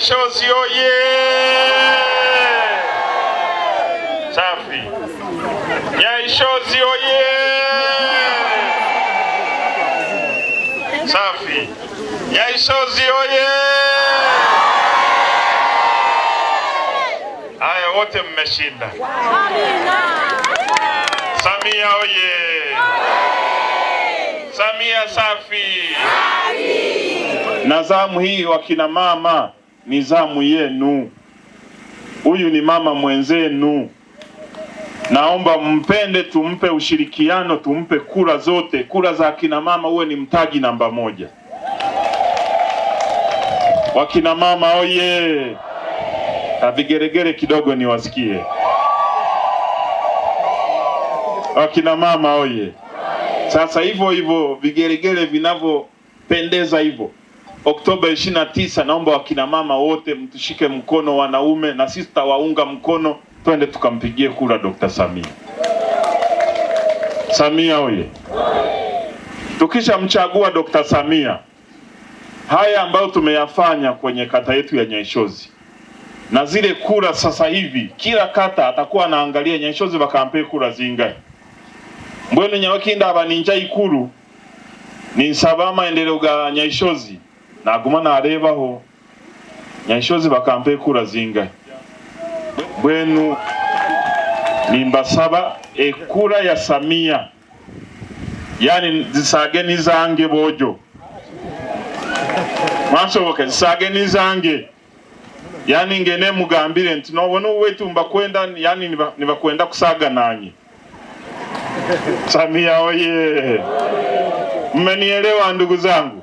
Machozi oye! Safi. Nyaishozi oye! Safi. Nyaishozi oye! Haya, wote mmeshinda. Samia oye! Samia safi. Na zamu hii wakina mama ni zamu yenu. Huyu ni mama mwenzenu, naomba mpende, tumpe ushirikiano, tumpe kura zote. Kura za akina mama uwe ni mtaji namba moja. Wakina mama oye! Na vigeregere kidogo niwasikie. Wakina mama oye! Sasa hivyo hivyo vigeregere vinavyopendeza hivyo Oktoba 29, naomba wakinamama wote mtushike mkono, wanaume na sisi tutawaunga mkono, twende tukampigie kura Dr. Samia. Samia oye! Tukishamchagua Dr. Samia, haya ambayo tumeyafanya kwenye kata yetu ya Nyaishozi na zile kura sasa hivi kila kata atakuwa anaangalia Nyaishozi bakampe kura zingahe mbwenu nyawakinda abaninja ikuru ninsaba maendeleo ga Nyaishozi naguma narebaho nyanshozi bakampe kura zinga bwenu nimbasaba ekura ya samia yani zisage nizange bojo mwasoboke zisage nizange yani ngene mugambire nti nobona wetu mbakwenda yani nibakwenda kusaga nanye samia oye mmenielewa ndugu zangu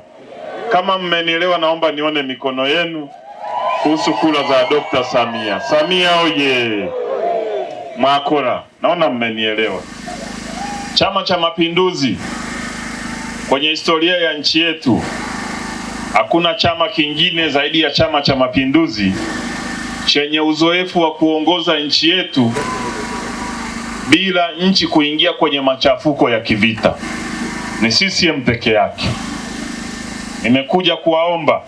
Kama mmenielewa, naomba nione mikono yenu kuhusu kura za Dr. Samia. Samia oye! Mwakora, naona mmenielewa. Chama cha Mapinduzi, kwenye historia ya nchi yetu hakuna chama kingine zaidi ya Chama cha Mapinduzi chenye uzoefu wa kuongoza nchi yetu bila nchi kuingia kwenye machafuko ya kivita. Ni CCM peke yake. Nimekuja kuwaomba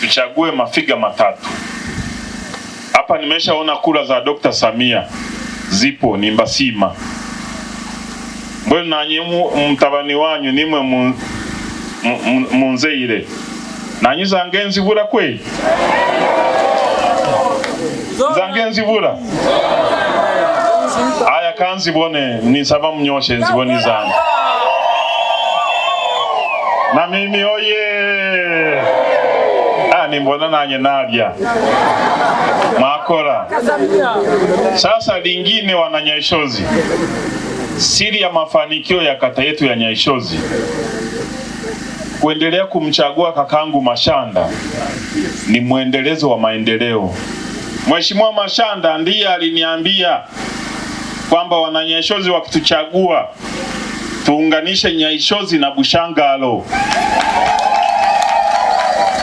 tuchague mafiga matatu hapa. Nimeshaona kura za Dr. Samia zipo ni mbasima mbwenu nanyi mtabani wanyu nimwe munzeire nanyi zange nzibura kweli zange nzibura aya kanzibone nisaba mnyoshe nzibone zange na mimi oye ah, nimbona mbona nanye nalya mwakora sasa. Lingine wana Nyaishozi, siri ya mafanikio ya kata yetu ya Nyaishozi kuendelea kumchagua kakangu Mashanda ni mwendelezo wa maendeleo. Mheshimiwa Mashanda ndiye aliniambia kwamba wananyeshozi wakituchagua tuunganishe Nyaishozi na Bushangalo.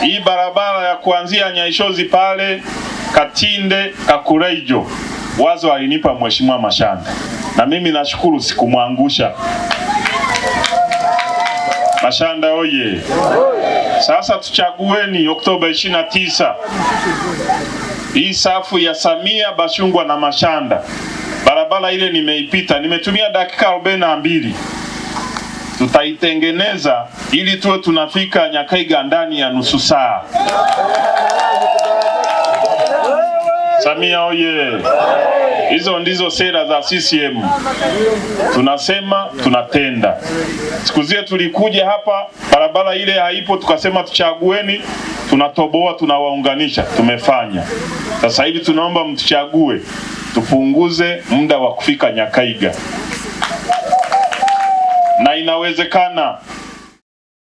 Hii barabara ya kuanzia Nyaishozi pale Katinde kakurejo wazo alinipa Mheshimiwa Mashanda, na mimi nashukuru sikumwangusha. Mashanda oye! Sasa tuchagueni Oktoba 29 hii safu ya Samia Bashungwa na Mashanda. Barabara ile nimeipita, nimetumia dakika arobaini na mbili tutaitengeneza ili tuwe tunafika Nyakaiga ndani ya nusu saa. Samia oye! Hizo ndizo sera za CCM. Tunasema tunatenda. Siku zile tulikuja hapa, barabara ile haipo, tukasema tuchagueni, tunatoboa, tunawaunganisha. Tumefanya. Sasa hivi tunaomba mtuchague, tupunguze muda wa kufika Nyakaiga na inawezekana.